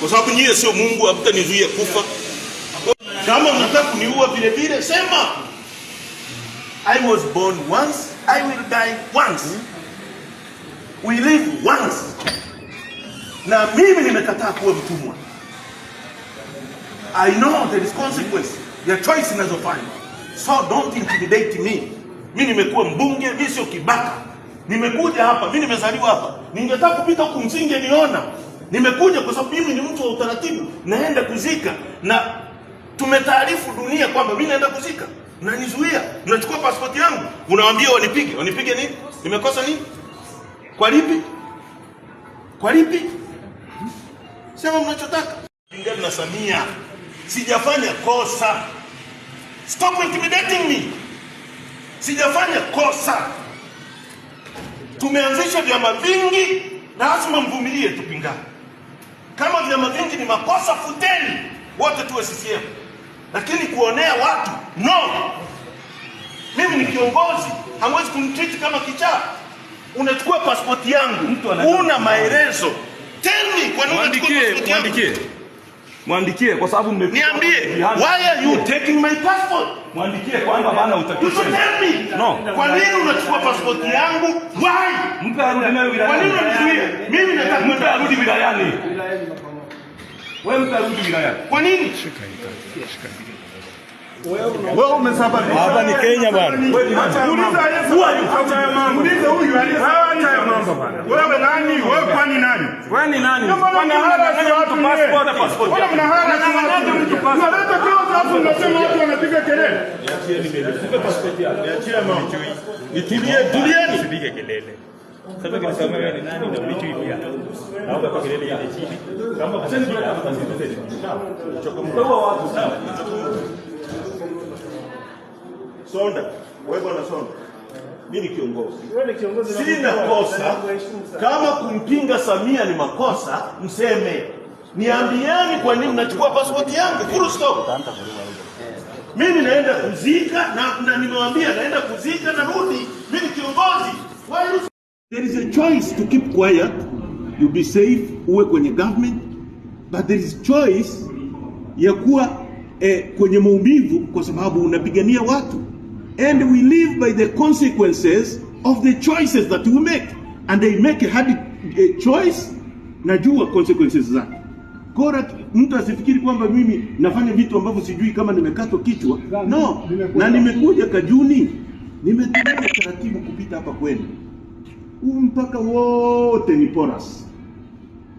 kwa sababu nyie sio Mungu, hamtanizuia kufa. Kama unataka kuniua vile vile, sema I was born once, I will die once, we live once. Na mimi nimekataa kuwa mtumwa. I know there is consequence Your choice fine. so don't intimidate me. Mi nimekuwa mbunge, mimi sio kibaka. Nimekuja hapa, mimi nimezaliwa hapa. Ningetaka kupita huku msingeniona. Nimekuja kwa sababu mimi ni mtu wa utaratibu, naenda kuzika na tumetaarifu dunia kwamba mimi naenda kuzika, mnanizuia, mnachukua pasipoti yangu, unawaambia wanipige. Wanipige nini? Nimekosa nini? Kwa lipi? Kwa lipi? Sema mnachotaka kulingana na Samia. Sijafanya kosa, stop intimidating me. Sijafanya kosa. Tumeanzisha vyama vingi, lazima mvumilie, tupingane. Kama vyama vingi ni makosa, futeni wote tuwe CCM, lakini kuonea watu no. Mimi ni kiongozi, hamwezi kumtreat kama kichaa. Unachukua pasipoti yangu, una maelezo teni, kwa nini unachukua pasipoti yangu? Mwandikie kwa sababu mmefika. Niambie, why are you taking my passport? Mwandikie kwamba bana tell me. No. Kwa nini unachukua passport yangu? Why? Mpe arudi nayo bila. Kwa nini unanizuia? Mimi nataka mpe arudi bila yani. Wewe mpe arudi bila yani. Kwa nini? Shika hii. Shika hii. Wewe umesafari. Hapa ni Kenya bwana. Muulize muulize huyu mambo bwana. Wewe nani? Wewe kwani nani? Wewe ni nani? Mnahara si watu passport na passport. Wewe mnahara si watu mtu passport. Unaleta kila watu mnasema watu wanapiga kelele. Niachie mimi. Sipe passport yako. Niachie mambo. Nitulie, tulieni. Sipige kelele. Sasa kinasema wewe ni nani na vitu hivi hapa. Naomba kwa kelele ile chini. Kama kwa sababu tunataka kusema. Choka mtu. Watu sawa. Sonda, wewe bwana Sonda, mimi ni kiongozi, sina kosa. Kama kumpinga Samia ni makosa, mseme, niambiani kwa nini mnachukua pasipoti yangu, full stop. Mimi naenda kuzika na, na nimewaambia naenda kuzika na rudi. Mimi ni kiongozi. There is a choice to keep quiet, you be safe, uwe kwenye government, but there is choice ya kuwa eh, kwenye maumivu kwa sababu unapigania watu. And we live by the consequences of the choices that we make. And they make a hard choice, najua consequences zake. kora mtu asifikiri kwamba mimi nafanya vitu ambavyo sijui kama nimekatwa kichwa. No, na nimekuja Kajuni, nimetumia taratibu kupita hapa kwenu. Huu mpaka wote ni poras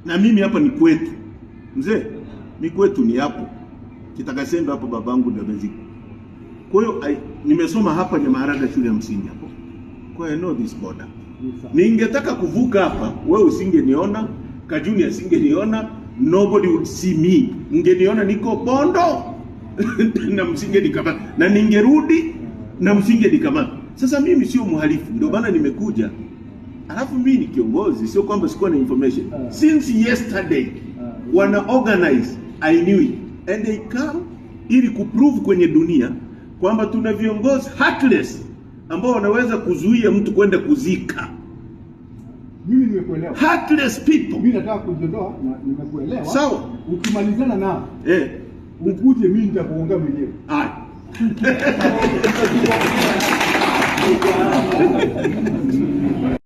na mimi hapa ni kwetu. Mzee, ni kwetu, ni hapo kitakasembe hapo, babangu ndio amezikwa. Kwa hiyo nimesoma hapa Nyamaharaga shule ya msingi hapo. Kwa hiyo I know this border. Ningetaka kuvuka hapa, wewe usingeniona, Kajuni asingeniona, nobody would see me. Ungeniona niko Bondo na msingenikamata na ningerudi na msinge msingenikamata. Sasa mimi sio mhalifu, ndio maana nimekuja. Alafu mimi ni kiongozi, sio kwamba sikuwa na information. Ah. Since yesterday ah. wana organize I knew it and they come ili kuprove kwenye dunia kwamba tuna viongozi heartless ambao wanaweza kuzuia mtu kwenda kuzika. Mimi nimekuelewa. Heartless people. Mimi nataka kujiondoa na nimekuelewa. Sawa. Ukimalizana na Eh. yeah. Ukuje mimi nitakuongea mwenyewe. Haya.